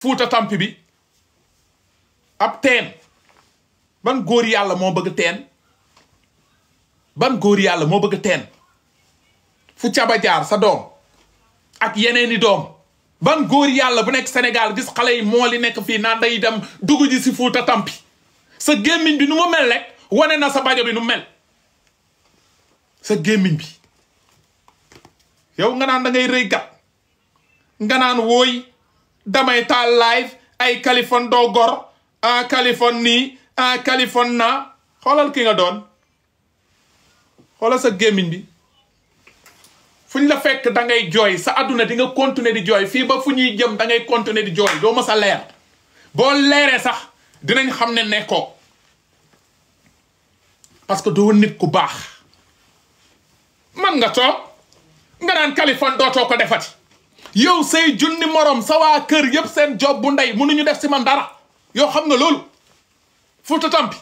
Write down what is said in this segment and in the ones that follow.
fuuta tampi bi ab teen ban góor yàlla moo bëgg teen ban góor yàlla moo bëgg teen fu caba jaar sa doom ak yeneeni doom ban góor yàlla bu nekk senegal gis xale yi moo nekk fii naan day dem dugg ji si fuuta tàmpi sa gémmiñ bi nu mu mel rek wane na sa bajo bi nu mel sa gémmiñ bi yow nga naan da ngay rëy gat nga naan wooy damay taal live ay Kaliphone doo gor ah Kaliphone nii ah Kaliphone naa xoolal ki nga doon xoolal sa gémmiñ bi fu ñu la fekk da ngay jooy sa àdduna di nga continuer di jooy fii ba fu ñuy jëm dangay ngay continuer di jooy doo ma sa leer boo leeree sax dinañ xam ne nekkoo parce que doo nit ku baax mën nga toog nga naan Kaliphone dootoo ko defati yow say junni moroom sa waa kër yëpp seen job bu ndey ñu def si ma dara yow xam nga loolu fuuta tampi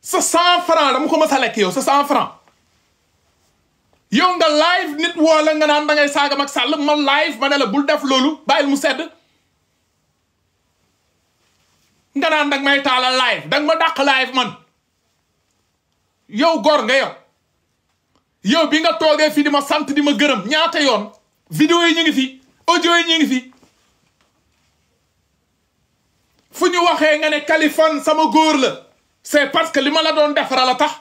sa cent franc dama ko mës a lekk yow sa cent franc yow nga live nit woo la nga naan da ngay saaga Macky ma live bul def loolu bàyyil mu sedd nga naan danga may taala live danga ma dàq live man yow góor nga yow yow bi nga toogee fii di ma sant di ma gërëm ñaata yoon vidéo yi ñu ngi fi audio yi ñu ngi fi fu ñu waxee nga ne Kaliphone sama góor la c'est parce que li ma la doon defara la tax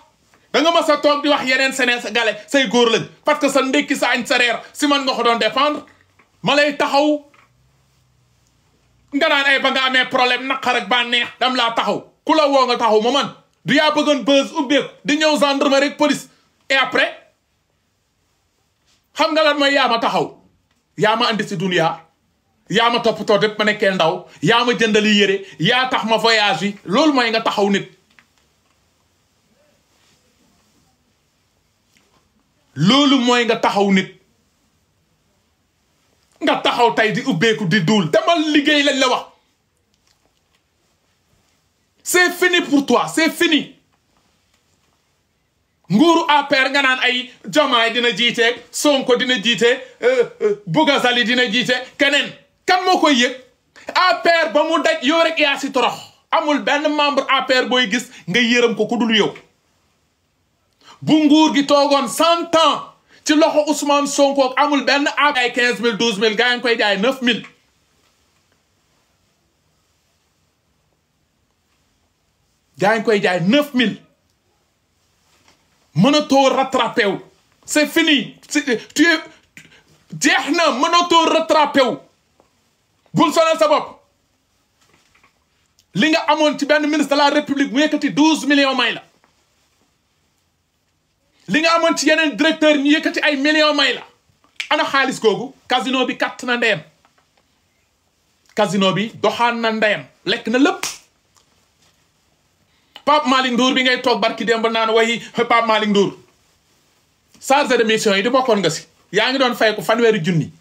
da nga mas a toog di wax yeneen seneen sa gale say góor lañ parce que sa ndékki sa añ sa si man nga ko doon défendre ma lay taxaw nga naan ay eh, ba nga amee problème naqar ak bànneex dam laa taxaw ku la woo nga taxaw ma man du yaa bëggoon buzz ubbeeku di ñëw gendarmerie police et après xam nga lan mooy yaa ma taxaw yaa ma andi si duniya yaa ma toppatoo dépp ma nekkee ndaw yaa ma jëndali yére yaa tax ma voyage yi loolu mooy nga taxaw nit loolu mooy nga taxaw nit nga taxaw tey di ubbeeku di duul demal liggéey lañ la wax c'est fini pour toi c'est fini nguuru APR nga naan ay Jomaay dina jiite Sonko dina jiite euh, euh, Bougazelli dina jiite keneen kan moo koy yëg APR ba mu daj yow rek yaa si torox amul benn membre APR booy gis nga yërëm ko ku yow bu nguur gi toogoon cent ans ci loxo Ousmane Sonko amul benn APR quinze mille douze mille gaa ngi koy jaay neuf mille ngi koy jaay neuf mille mënatoo rattrapé wu c'est fini tu es jeex na mënatoo rattrapé wu bul sonal sa bopp li nga amoon ci benn ministre de la république mu yëkkati douze millions may la li nga amoon ci yeneen directeur ñu yëkkati ay million may la ana xaalis googu casino bi katt na ndeyam casino bi doxaan na ndeyam lekk na lépp Pape Malick Ndour bi ngay toog barki démb naan way Pape Malick Ndour chargé de mission yi di bokkoon nga si yaa ngi doon fay ko fanweeri junni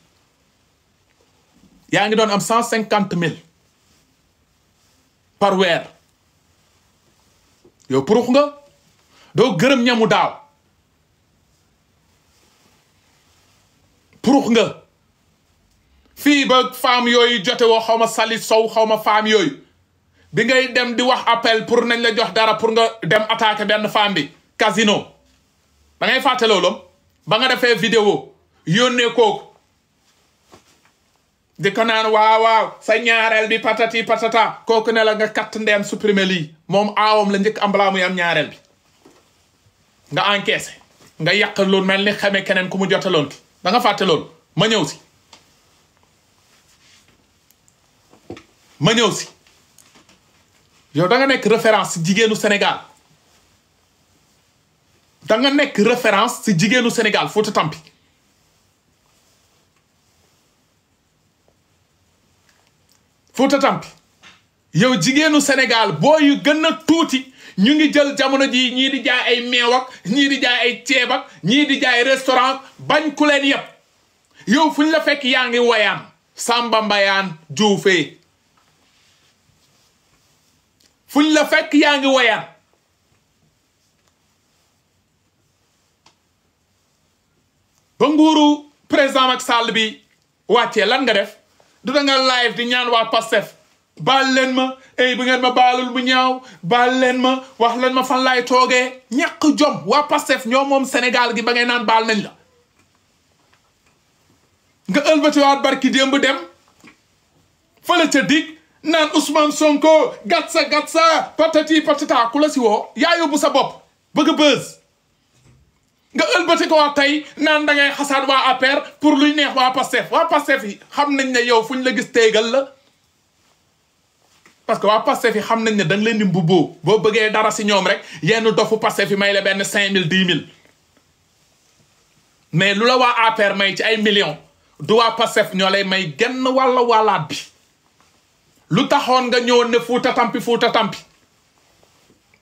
yaa ngi doon am cent cinquante mille par weer yow purux nga doo gërëm ñamu daaw purux nga fii ba femme yooyu jote woo xaw ma sali sow xaw ma femme yooyu bi ngay dem bi wax appel pour nañ la jox dara pour nga dem attaquer benn femme bi casino da ngay fàtte ba nga defee vidéo yónnee kooku di ko naan waaw waaw sa ñaareel bi patati patata kooku ne la nga katt ndeem supprimer lii moom aawam la njëkk am balaa am ñaareel bi nga encaissé nga yàq loolu mel ni xamee keneen ku mu jotaloon ki da nga fàtte ma ñëw si ma ñëw si yow danga nekk référence ci jigéenu Sénégal danga nekk référence si jigéenu Sénégal Fouta Tampi Fouta yow jigéenu Sénégal boo yu gën a tuuti ñu ngi jël jamono jii ñii di jaay ay meewak ñii di jaay ay ceeb ñii di jaay restaurant bañ ku leen yëpp yow fu ñu la fekk yaa ngi woyaan sàmba mbayaan juufee fuñ la fekk yaa ngi woyaan ba nguuru président Macky Sall bi wàccee lan nga def du da nga live di ñaan waa Pastef baal leen ma ay bu ngeen ma baalul bu ñaaw baal leen ma wax leen ma fan laay toogee ñàkk jom waa Pastef ñoo moom Sénégal gi ba ngay naan baal nañ la nga ëlbatiwaat barki démb dem fële ca dig naan Ousmane Sonko gatsa gatsa patati patata ku la si woo yaa yóbbu sa bopp bëgg a bës nga ëlbati ko wax tey naan da ngay xasaat waa APR pour luy neex waa PASTEF waa PASTEF yi xam nañ ne yow fu la gis teegal la parce que waa yi xam nañ ne da leen di mbubboo boo bëggee dara si ñoom rek yenn dofu PASTEF yi may la benn cinq mille dix mille mais lu la waa APR may ci ay million du waa PASTEF ñoo lay may genn wàlla wàllaat bi lu taxoon nga ñëwoon ne Fuuta Tampi Fuuta Tampi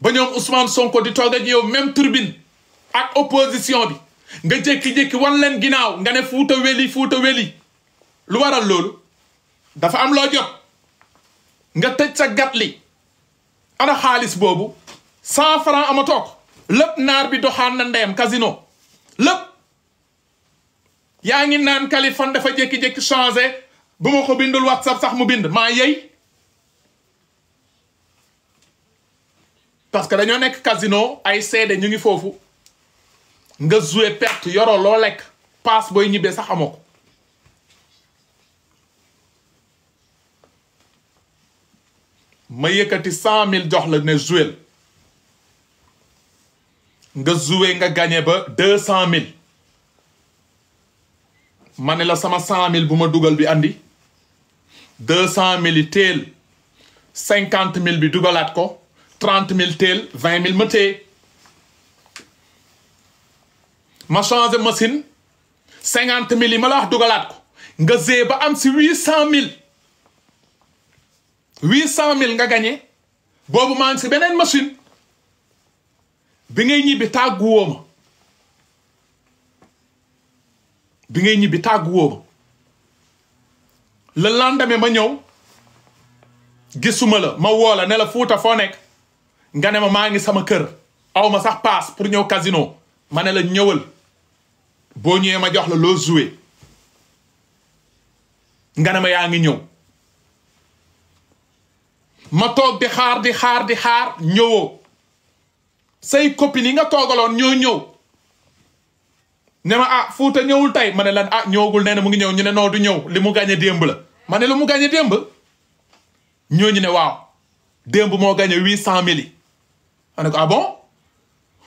ba ñoom Ousmane Sonko di toog ak yow même turbine ak opposition bi nga jékki-jékki wan leen ginnaaw nga ne Fuuta Weli Fuuta Weli lu waral loolu dafa am loo jot nga tëj sa gat li ana xaalis boobu cent franc ama toog lépp naar bi doxaan na ndeyam casino lépp yaa ngi naan Kaliphone dafa jékki-jékki changé bu ma ko bindul WhatsApp sax mu bind maa yey parce que dañoo nekk casino ay seede ñu ngi foofu nga joué perte yoroo loo lekk paas booy ñibbee sax amoo ko ma yëkkati cent mille jox la ne joué nga joué nga gagné ba deux cent mille ma ne la sama cent mille bu ma dugal bi indi deux cent mille yi cinquante mille bi dugalaat ko trente mille teel vingt mille ma téye ma changé machine cinquante mille yi ma la wax dugalaat ko nga zee ba am si huit cent mille huit cent mille nga gañe boobu maa si beneen machine bi ngay ñibbi tàgguwoo ma bi ngay ñibbi tàgguwoo ma la lendemain ma ñëw gisuma la ma woola la ne la Fuuta foo nekk nga ne ma maa ngi sama kër aw ma sax paas pour ñëw casino ma ne la ñëwal boo ñëwee ma jox la loo joué nga ma yaa ngi ñëw ma toog di xaar di xaar di xaar ñëwoo say copines yi nga toogaloon ñëw ñëw ne ma ah Fouta ñëwul tey ma ne lan ah ñëwagul nee na mu ngi ñëw ñu ne noo du ñëw li mu gàñe démb la ma ne lu mu gàñe démb ñooñu ne waaw démb moo gàñe huit cent mille ma ne ah bon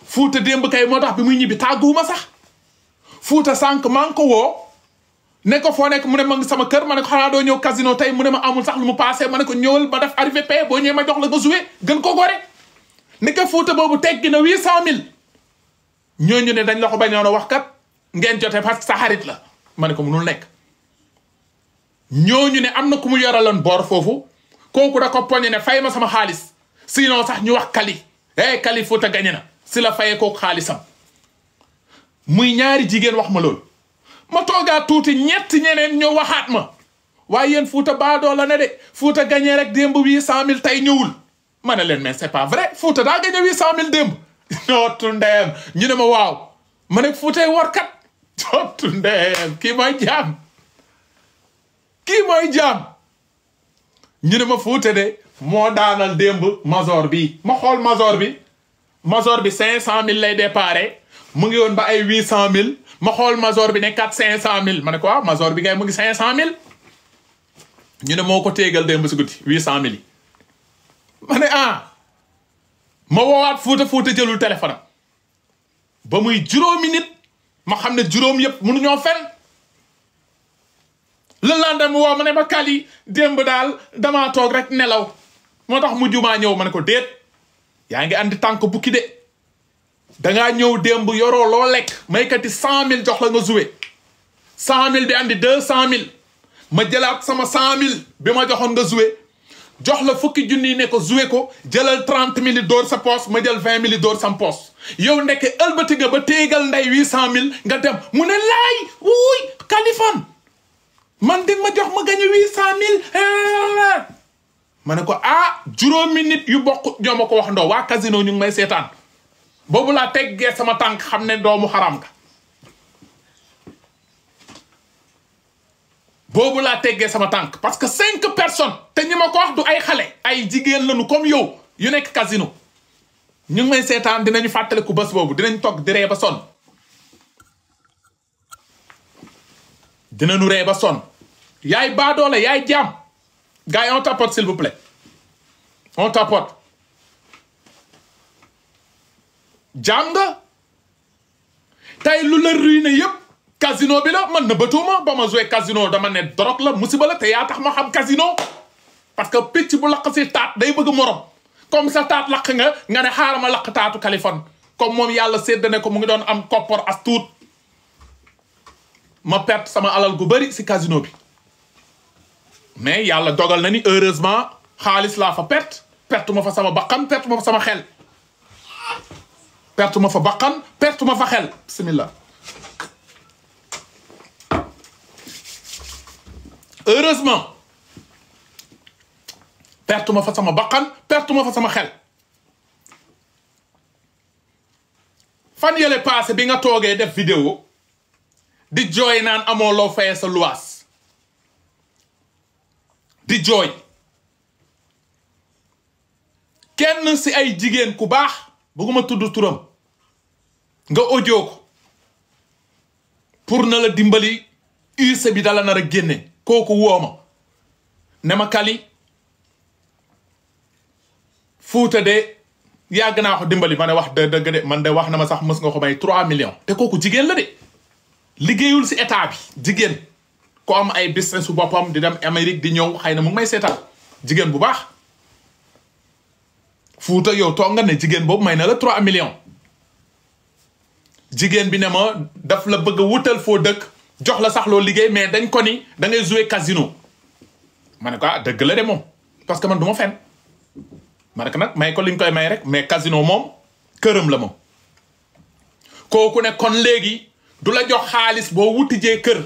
fuuta démb kay moo tax bi muy ñibbi tàgguwuma sax fuuta sànq maa ngi ko woo ne foo nekk mu ne ma sama kër ma ne xanaa doo ñëw casino tey mu ne ma amul sax lu mu passé ma ne ko ñëwal ma def arrivé pay boo ñëwee ma jox la nga joué gën ko gore ne ko fuuta boobu teggi na huit cent mille ñooñu ne dañ la ko bañoon a wax kat ngeen jote parce que sa xarit la ma ne ko munul nekk ñooñu ne am na ku mu yoraloon boor foofu kooku da ko poñe ne fay ma sama xaalis sinon sax ñu wax kali eh Kaliphone gañe na si la fayee ko xaalisam muy ñaari jigéen wax ma loolu ma toogaa tuuti ñetti ñeneen ñoo waxaat ma waaye yéen Fouta baadoo la ne de Fouta gañee rek démb huit cent mille tey ñëwul ma ne leen mais c'est pas vrai Fouta daa gañe huit cent mille démb dootu ndeem ñu ne ma waaw ma ne Fouta warkat dootu ndeem kii mooy jaam kii mooy jaam ñu ne ma Fouta de moo daanal démb major bi ma xool major bi major bi cinq cent mille lay déparé mu ngi woon ba ay huit cent mille ma xool major bi ne cinq cent mille ma ne quoi ah, major bi ngay mu ngi cinq ñu ne moo ko téegal démb si guddi huit cent mille yi ma ne ah ma woowaat fuuta fuuta jëlul téléphone ba muy juróomi nit ma xam ne juróom yëpp mënuñoo fen le lendemain woo ma ne ma kali démb daal damaa toog rek nelaw moo tax mujj maa ñëw ma ne ko déet yaa ngi andi tànk bukki de dangaa ñëw démb yoroo loo lekk maykati cent mille jox la nga joué cent mille bi andi deux cent mille ma jëlaat sama cent mille bi ma joxoon nga joué jox la fukki junni ne ko joué ko jëlal trente mille dóor sa poos ma jël vingt mille dóor sam poos yow ndekke ëlbati nga ba téegal nday huit cent mille nga dem mu ne laay wuuy Kaliphone man di ma jox ma gañe huit cent mille ma ne ko ah juróomi nit yu bokk ñoo ma ko wax ndoo waa casino ñu ngi may seetaan boobu laa teggee sama tànk xam ne doomu xaram ka boobu laa teggee sama tànk parce que cinq personne te ñi ma ko wax du ay xale ay jigéen lañu comme yow yu nekk kasino ñu may seetaan dinañu ku bés boobu dinañ toog di ree ba sonn dinañu ree ba sonn yaay baadoole yaay jaam gars yi on tapote s'il vous plaît on tapote lu la ruiné yëpp casino bi la man na bëtuuma ba ma joué casino dama ne drogue la musiba la te yaa tax ma xam casino parce que picc bu laq si taat day bëgg morom comme sa taat laq nga nga ne xaaral ma laq taatu Californie comme moom yàlla ne ko mu ngi doon am koppor as tuut ma perte sama alal gu bari si casino bi mais yàlla dogal na ni heureusement xaalis laa fa perte perte ma fa sama bakkan perte ma fa sama xel perte ma fa bakkan perte ma fa xel bismillah heureusement perte ma fa sama bakkan perte ma fa sama xel fan yële passé bi nga toogee def vidéo di jooy naan amoo loo fayee sa luwaas di jooy kenn si ay jigéen ku baax bëgguma tudd turam nga audio pour na la dimbali use bi dala nar génne kooku wooma ne ma kali fuuta de yàgg naa ko dimbali ma ne wax de dëgg de man de wax na ma sax mës nga ko may trois millions te kooku jigéen la de liggéeyul si état jigéen ku am ay business su boppam di dem Amérique di ñëw xay na mu ngi may seetaan jigéen bu baax fuuta yow toog nga ne jigéen boobu may na la trois millions jigéen bi ne ma daf la bëgg wutal foo dëkk jox la saxloo liggéey mais dañ ko ni da ngay jouer casino ma ne ko ah, dëgg la de moom parce que man du ma fen ma ne ko nag may ko li ñu koy may rek mais casino moom këram la moom kooku ne kon léegi du la jox xaalis boo wuti jee kër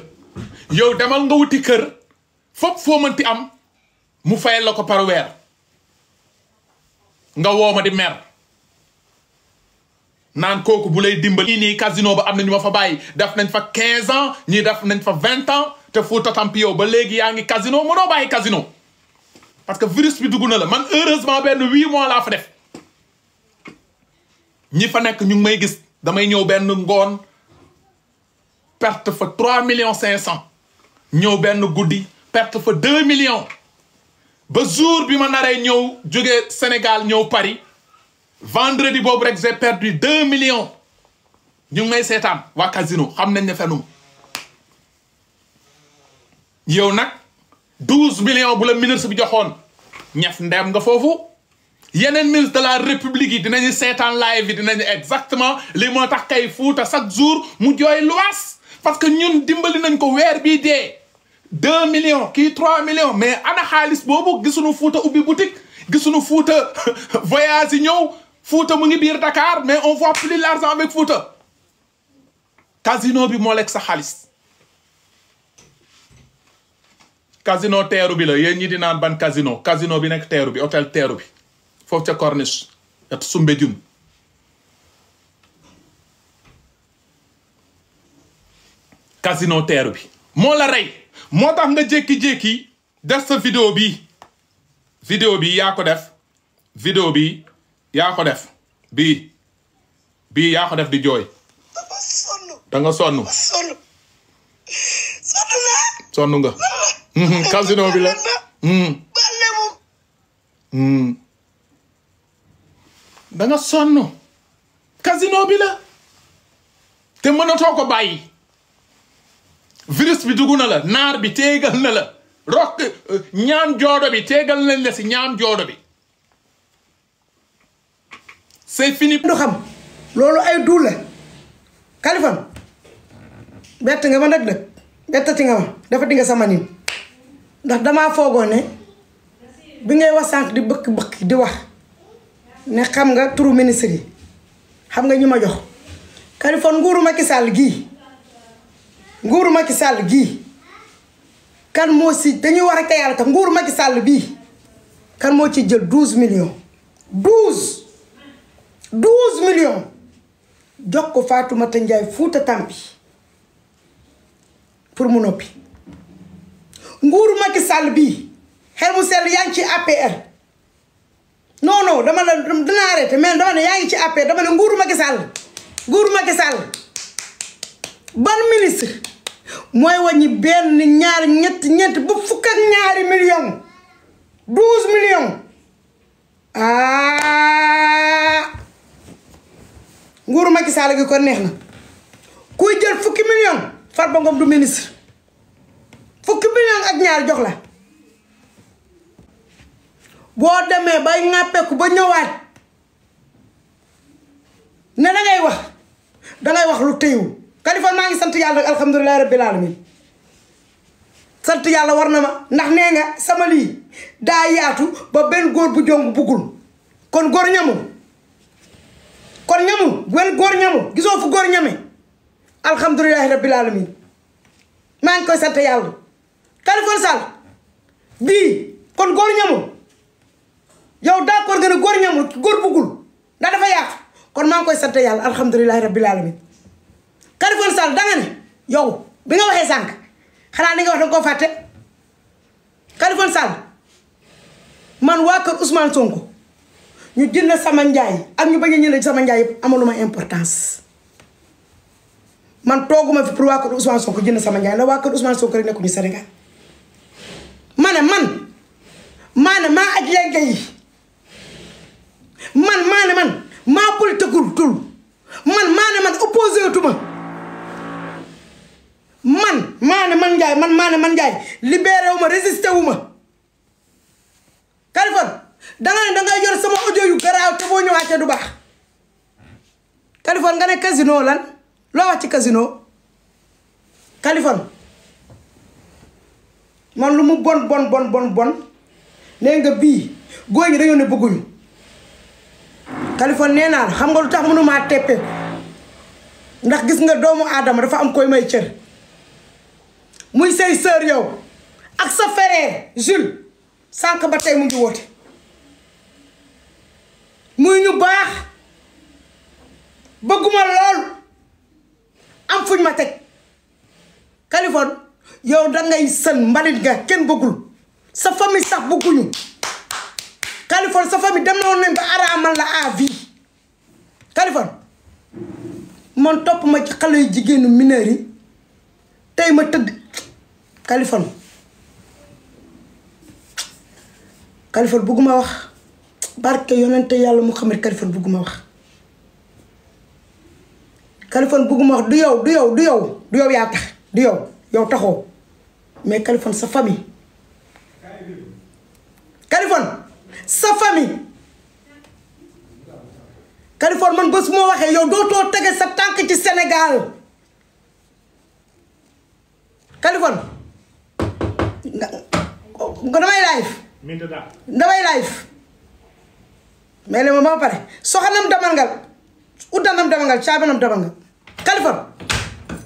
yow demal nga wuti kër fopp foo mënti am mu fayal la ko par weer nga woo ma di mer naan kooku bu lay dimbal nii casino ba am na ñu ma fa bàyyi def nañ fa 15 ans ñii def nañ fa vingt ans te Fouta Tampi yow ba léegi yaa ngi casino mënoo bàyyi casino parce que virus bi dugg na la man heureusement benn huit mois laa fa def ñi fa nekk ñu ngi may gis damay ñëw benn ngoon perte fa trois million cinq cent ñëw benn guddi perte fa deux million ba jour bi ma naree ñëw jóge Sénégal ñëw Paris vendredi boobu rek j'ai perdu deux million ñu ngi may seetaan waa Casino xam nañ ne fenum yow nag douze million bu la ministre bu joxoon ñef ndem nga foofu yeneen ministre de la république yi dinañu seetaan live yi dinañu exactement li moo tax kay fuuta chaque jour mu jooy luwaas parce que ñun dimbali nañ ko weer bii dee deux millions kii trois millions mais ana xaalis boobu gisuñu Fuuta ubbi boutique gisuñu Fuuta voyage yi ñëw Fuuta mu ngi biir dakaar mais on voit plus l'argent Fuuta casino bi moo lekk sa xaalis casino teeru bi la yéen ñi di ban casino casino bi nekk teeru bi hôtel bi foofu ca Corniche et casino teeru bi moo la rey moo tax nga jékki-jékki def sa vidéo bi vidéo bi yaa ko def vidéo bi yaa ko def bi bii yaa ko def di jooy danga nga sonn sonn nga mhm, casino bi la mhm. mhm. da nga sonn casino bi la te mënatoo ko bàyyi virus bi dugg na la naar bi téegal na la rokk eh, ñaam joodo bi téegal nañ la si ñaam joodo bi c'est fini. du xam loolu ay duul la Kaliphone bett nga ma nag nag bettati nga ma dafa di sama nit ndax damaa foogoon ne bi ngay wax sànq di bëkk bëkk di wax ne xam nga turu ministre yi xam nga ñi ma jox Kaliphone nguuru Macky Sall gii. nguuru Macky sàll gii kan moo si dañuy war a yàlla tax nguuru Macky Sall bii kan moo ci jël douze millions douze douze millions jox ko Fatoumata Ndiaye Fouta Tampi pour mu noppi nguuru Macky sàll bii xel mu sell yaa ngi ci APR non non dama la dina arrêté mais dama ne yaa ngi ci APR dama ne nguuru Macky Sall nguuru Macky Sall ban ministre mooy wàññi benn ñaar ñett ñett ba fukk ak ñaari million douze million ah nguuru Macky Sall gi ko neex na kuy jël fukki million Farba Ngom du ministre fukki million ak ñaar jox la boo demee bay ŋàppeeku ba ñëwaat ne dangay wax dalay wax lu téyewul Kaliphone maa ngi sant yàlla rek alhamdulilah rabbil war na ma ndax nee nga sama lii daa yaatu ba benn góor bu jong buggul kon góor ñamul kon ñamul benn góor ñamul gisoo fu góor ñame alhamdulilah rabbil alamin maa ngi koy sant yàlla Kaliphone Sall bii kon góor ñamul yow góor ñamul góor ndax dafa yaatu kon maa ngi koy sant yàlla alhamdulilah rabbil alamin Khalifa Sall danga ne yow bi nga waxee sànq xanaa li nga wax danga koo fàtte Khalifa Sall man waa kër Ousmane ñu jënd sama njaay ak ñu bañ a jënd sama njaay yëpp amaluma importance man tooguma fi pour waa kër Ousmane Sonko jënd sama njaay la waa kër Ousmane Sonko rek nekkuñu Sénégal ma ne man maa maa aj yi man maa ne man maa politique tul man maa ne man opposé tuma man maa man Ndiaye man maane man Ndiaye libéré wu ma résisté wu ma Kaliphone ne dangay yor sama audio yu garaaw te boo ñëwaatee du baax Kaliphone nga ne casino lan loo wax ci kasinoo Kaliphone man lu mu bon bon bon bon nee nga bii góor ñi dañoo ne bëgguñu Kaliphone nee naa xam nga lu tax mënumaa teppeeku ndax gis nga doomu aadama dafa am koy may cër muy say sœur yow ak sa frère Jules sànq ba tey mu ngi woote muy ñu baax bëgguma lool am fuñ ma teg Kaliphone yow dangay sën mbalit nga kenn bëggul sa famille sax bëgguñu Kaliphone sa famille dem na woon nañ ba araamal la à vie man topp ma ci xale yu jigéenu mineur tey ma tëdd Kaliphone Kaliphone bugguma wax barke yonente yàlla Muhammad Kaliphone bugguma wax Kaliphone bugguma wax du yow du yow du yow yaa tax du yow yow taxoo mais Kaliphone sa famille Kaliphone sa famille Kaliphone man bés moo waxee yow dootoo tege sa tànk ci Sénégal Kaliphone nga damay live. damay live. mais léegi ba pare soxanam damangal uddanam damangal caabanam damangal Kaliphone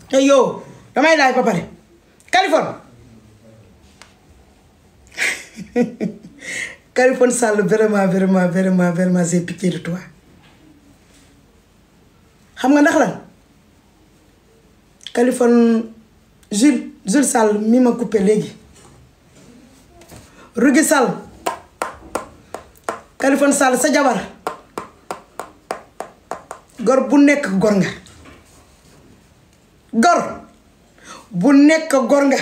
te yow damay live ba pare Kaliphone. Kaliphone Sall vraiment vraiment vraiment vraiment j'ai pitié de toi xam nga ndax lan Kaliphone Jules Jules Sall mi ma coupé léegi. Rugi Sall Kalifon Sall sa jabar gor bu nekk gor nga gor bu nekk gor nga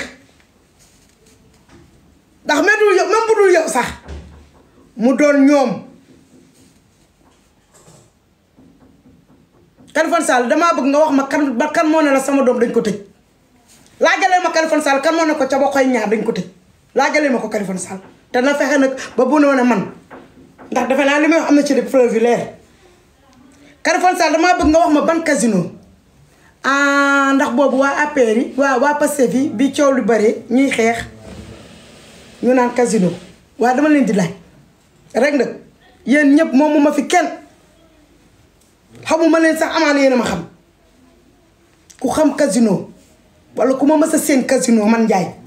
ndax même dul yow dul yow sax mu doon ñoom Kalifon Sall damaa bëgg nga wax ma kan ba kan moo ne la sama doom dañ ko tëj laajalee ma Kalifon Sall kan moo ne ko ca ba koy ñaar dañ ko tëj laajalee ma ko Kaliphone Sall te na fexe nag ba bu noonu man ndax defe naa li may wax na ci des preuves yu leer Kaliphone Sall bëgg nga wax ma ban kasino ah ndax boobu waa APR yi waa waa Pastef yi bii coow lu bare ñuy xeex ñu naan casino waa dama leen di laaj rek nag yéen ñëpp moom ma fi kenn xamuma leen sax amaana yéen ma xam ku xam kasino wala ku ma mës a seen casino man Ndiaye.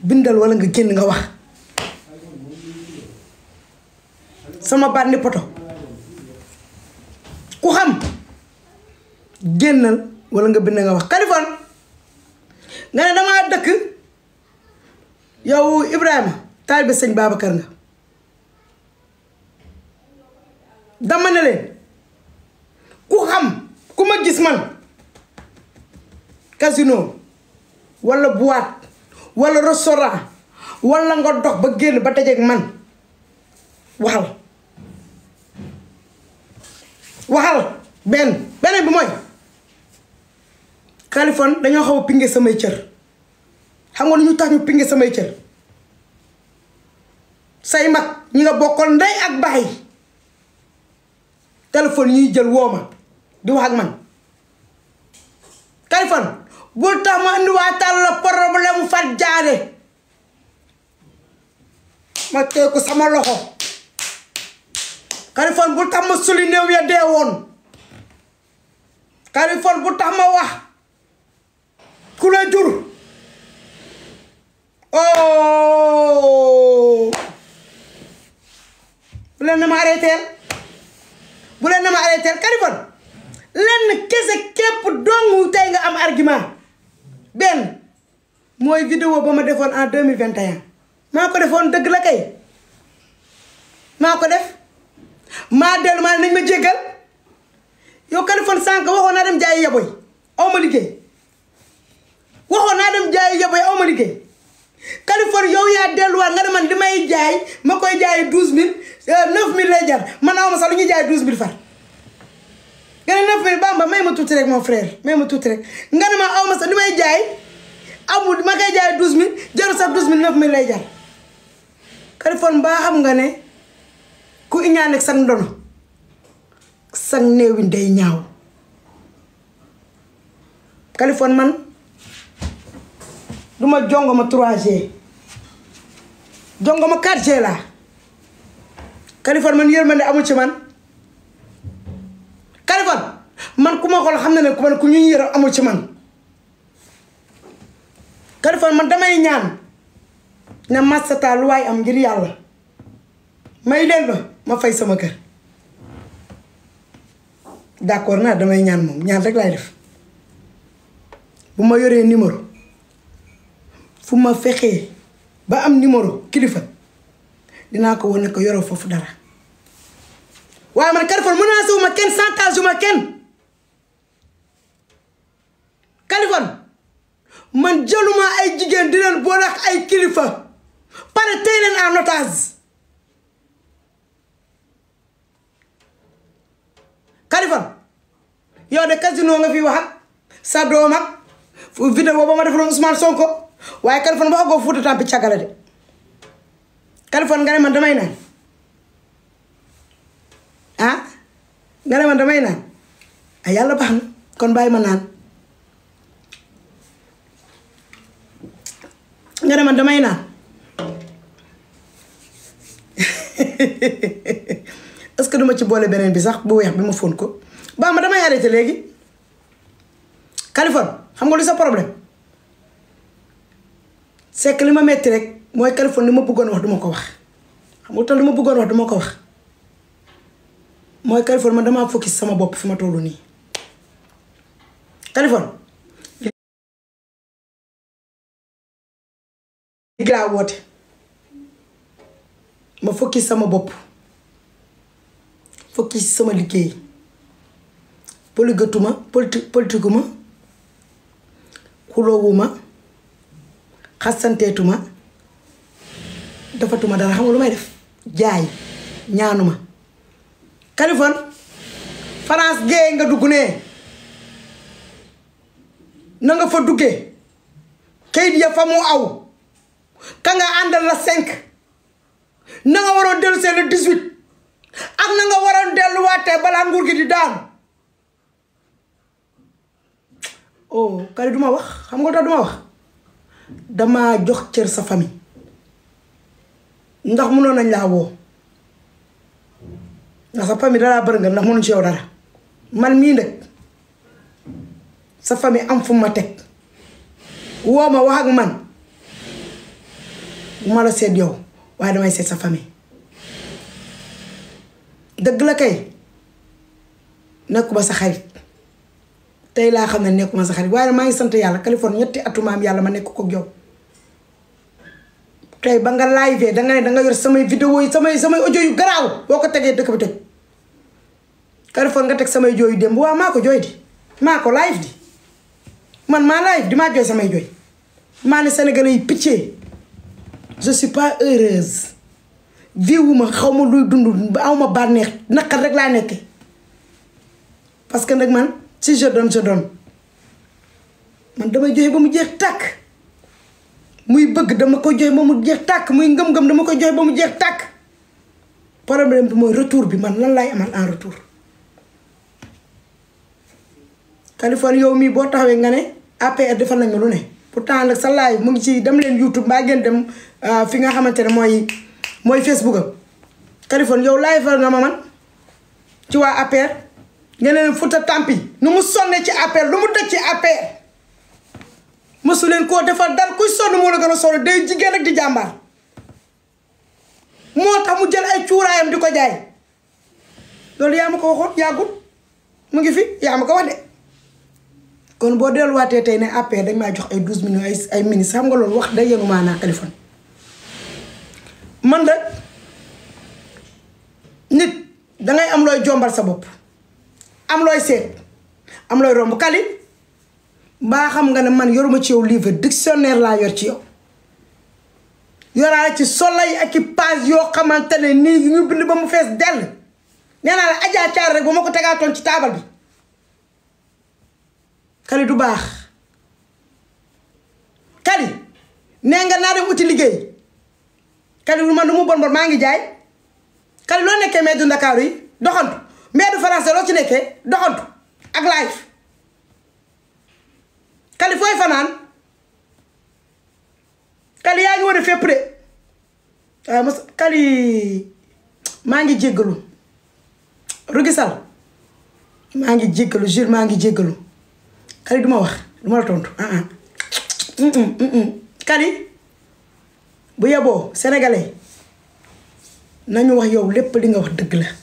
bindal walla nga génn nga wax sama bànni poto ku xam génnal walla nga bind nga wax Kaliphone nga ne damaa dëkk yow Ibrahima taalibe seen Babacar nga dama ne leen ku xam ku ma gis man casino walla boîte wala restaurant wala nga dox ba génn ba dajeeg man waxal waxal benn beneen bi mooy Kaliphone dañoo xaw a samay cër xam nga lu ñu tax ñu pinge samay cër say mag ñi nga bokkal ndey ak baay téléphone ñuy jël woo ma di wax ak man Kaliphone bul tax ma indiwaatal la problème fat jaane ma teg sama loxo Kaliphone bul tax ma suli néew ya dee woon Kaliphone bul tax ma wax ku jur oh bu leen na ma arrêté bu leen na ma arrêté Kaliphone lenn kese képp dong tey nga am argument benn mooy vidéo ba ma defoon en deux mille vingt et maa ko defoon dëgg la kay maa ko def maa dellu maa ne nañ ma jéggal yow Kaliphone sànq waxoon naa dem jaayi yaboy aw ma liggéey waxoon naa dem jaay yaboy aw ma liggéey Kaliphone yow yaa delluwaat nga ne man li may jaay ma koy jaay douze mille euh, neuf mille lay jar man aw ma sax lu ñuy jaay douze mille far. nga ne neuf mille may ma tuuti rek mon frère may ma tuuti rek nga ne ma aw ma sax li may jaay amul ma koy jaay douze mille jarul sax douze mille neuf mille lay jar Kaliphone ba xam nga ne ku iñaan ak sang ndono sang néewin ñaaw Kaliphone man duma jongoma 3G jongoma 4G laa Kaliphone man yërmande amul ci man téléphone man ku ma xool xam na ne ku man ku ñu yërëm amul ci man téléphone man damay ñaan ne masata lu waay am ngir yàlla may leen ba ma fay sama kër d'accord naa damay ñaan moom ñaan rekk laay def bu ma yoree numéro fu ma fexee ba am numéro kilifa dinaa ko wane ko yoroo foofu dara waaye man Kaliphone menacé wu ma kenn chantage wu ma kenn Kaliphone man jëluma ay jigéen di leen boole ak ay kilifa pare tey leen en otage Kaliphone yow de casino nga fi wax ak sa doom ak vidéo ba ma defaroon Ousmane Sonko waaye Kaliphone ba aggoo Fouta Tampi càggala de Kaliphone nga ne man damay naan nga ne damay naan ay yàlla baax na kon bàyyi ma naan nga ne man damay naan est que duma ci boole beneen bi sax bu weex bi ma fóon ko baa ma damay arrêté léegi Californie xam nga lu sa problème c'est que li ma metti rek mooy Californie li ma bëggoon wax duma ko wax xam nga lu tax li ma bëggoon wax duma ko wax mooy Kaliphone ma damaa fukki sama bopp fi ma toll nii Kaliphone ma focus sama bopp focus sama liggéey poligatuma politi politikuma xuloowuma xasanteetuma dafatuma dara xam nga lu may def jaay ñaanuma Kaliphone France géey nga dugg ne na nga fa duggee kayit ya fa aw ka nga àndal la cinq na nga waroon dellu see le dix-huit ak na nga waroon delluwaatee balaa nguur gi di daanu oh kali duma wax xam nga tax duma wax dama jox cër sa famille ndax mënoon nañ laa woo ndax sa famille dalaa bëri nga ndax mënuñ ci yow dara man mii nag sa famille am fum ma teg woo ma wax ak man bu ma la seet yow waaye damay seet sa famille dëgg la kay nekkuma sa xarit tey laa xam ne nekkuma sa xarit waaye maa ngi sant yàlla Californie ñetti atumaam yàlla ma nekk kook yow tey ba nga live da nga ne da nga samay video yi samay samay audio yu garaaw boo ko tegee dëkk bi tëj Carrefour nga teg samay jooy yu démb waaw maa ko jooy di maa ko live di man maa live di maa jooy samay jooy maa ne sénégalais yi pitié je suis pas heureuse viwuma xaw ma luy dund aw ma bànneex naqar rek laa nekkee parce que nag man si je donne man damay joxe ba mu jeex tàkk muy bëgg dama ko jooy ba mu jeex tàkk muy ngëm-ngëm dama ko jooy ba mu jeex tàkk problème bi mooy retour bi man lan laay amal en retour Kaliphone yow mii boo taxawee nga ne APR defal nañ ma lu ne pourtant nag mu ngi ci dem leen YouTube mbaa ngeen dem euh, fi nga xamante ne mooy mooy Facebook am yow laay fal nga ma man ci waa APR nga ne leen futa tampi nu mu sonne ci APR lu mu daj ci APR su leen koo defal dal kuy sonn moo la gën a sonn day jigéen rek di jàmbaar moo tax mu jël ay cuuraayam di ko jaay loolu yaa ma ko waxoon yàggul mu ngi fi yaa ma ko wax de kon boo delluwaatee tey ne APR dañ maa jox ay douze millions ay ay ministres xam nga loolu wax day yenu maanaa téléphone man nag nit dangay am looy jombal sa bopp am looy seet am looy romb kali baa xam nga ne man yoruma ci yow livre dictionnaire laa yor ci yow yoraa ci soleil ak i page yoo xamante ne nii ñu bind ba mu fees dell nee naa ma ko tegaatoon ci taabal bi kali du baax kali nee nga naa dem uti liggéey kali lu man du mu bon maa ngi jaay kali loo nekkee mais du Ndakaaru yi doxantu mais du français loo ci nekkee doxantu ak live Kali fooy fanaan Kali yaa ngi war a fépp de ah, Kali maa ngi jéggalu rugisal maa ngi jéggalu jur maa ngi jéggalu Kali duma wax duma la tontu ah ah mm, mm, mm, Kali bu yeboo sénégalais nañu wax yow lépp li nga wax dëgg la